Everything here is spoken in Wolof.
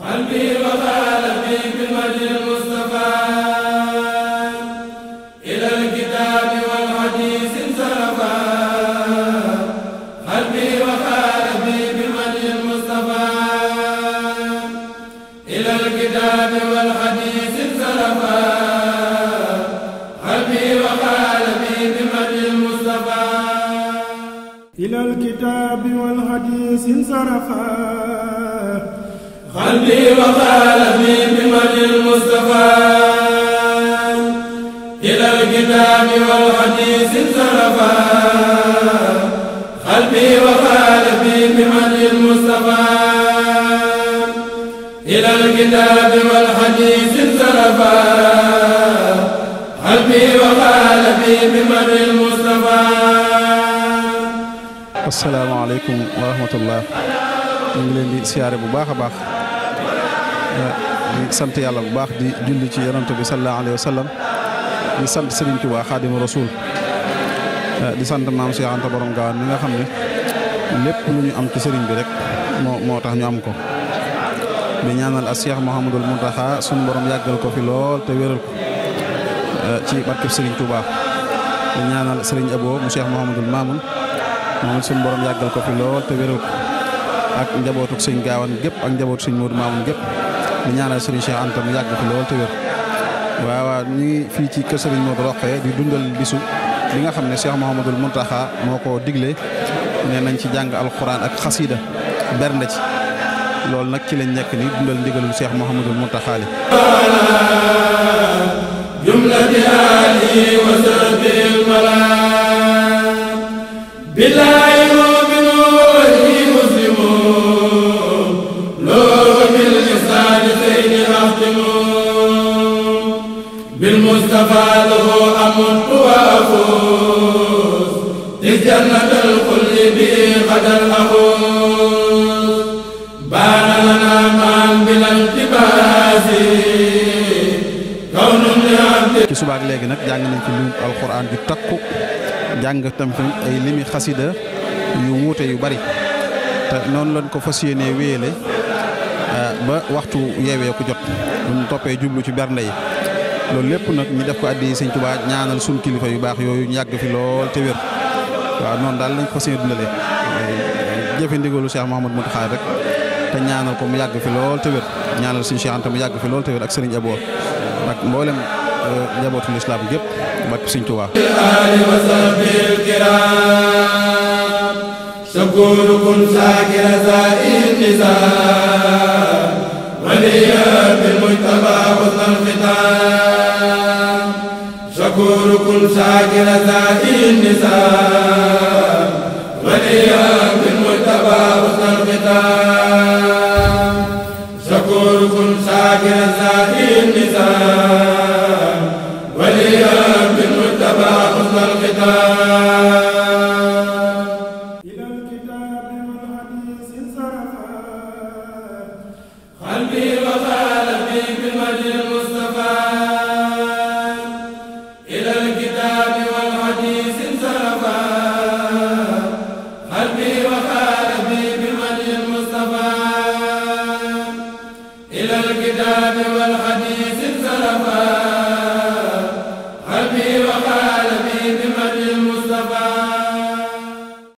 قلبي وقال في بالمجد الكتاب والحديث انصرفا قلبي وقلبي بمجد المصطفى إلى الكتاب والحديث انصرفا قلبي وقلبي بمجد المصطفى إلى الكتاب والحديث انصرفا قلبي وقلبي بمجد المصطفى asalaamaaleykum wa rahmatullah ñu ngi leen di siyaare bu baax a baax di sant yàlla bu baax di julli ci yonent bi sallallahu alayhi wa sallam di sant Sëriñ Tuubaa Xaadimu Rasuul di sant maam Cheikh Anta Borom Gaawaan mi nga xam ne lépp lu ñu am ci sëriñ bi rek moo moo tax ñu am ko di ñaanal as Cheikh Mouhamadul Muntaxa sunu borom yàggal ko fi lool te wéral ko ci barkeb Sëriñ Tuubaa di ñaanal sëriñ Abo mu Cheikh Mouhamadul Mamoun moom suñu boroom yàggal ko fi lool te wéral ak njabootuk sëñ gaawan gépp ak njabootu sëñ Modou Mamoun gépp di ñaanal sëriñ Cheikh Anta mu yàgg fi lool te wér waaw waaw ñu ngi fii ci kër sëriñ Modou Rokhaya di dundal bisu nga xam ne Cheikh Mouhamadul Mountakha moo ko digle nee nañ ci jàng alxuraan ak xasiida bernde ci loolu nag ci lañ nekk ni dundal ndigalul Cheikh Mouhamadul Mountakha li بالمصطفى له أمن وأفوز إذ جنة الخلد بي غدا أفوز بان لنا معا بلا التباس ci subaak léegi nag jàng nañ ci lim alxuraan ju takku jàng tam ay limi xasida yu wuute yu bari te noonu lañ ko fas yéenee wéyale eh, ba waxtu yeewee ku jot bu ñu toppee jublu ci bernde yi loolu lépp nag ñu def ko addi sëñ Tuubaa ñaanal suñu kilifa yu baax yooyu ñu yàgg fi lool te wér waaw noonu daal lañ ko fas yéene dundale eh, jëfe ndigalu Cheikh Mouhamadou Mountakha rek te ñaanal ko mu yàgg fi lool te wér ñaanal suñu Cheikh Anta yàgg fi lool te wér ak sëriñ Abor ak mboolem eh, njabootu lislaam gépp barke sëñ Tuubaa شكوركم شاكر زائر النساء وليا بالمجتبى حسن الختام فكون كل شاكرة ذاتي النساء وليا بالمتبع حسن الختام شكور كل شاكرة ذاتي النساء وليا بالمتبع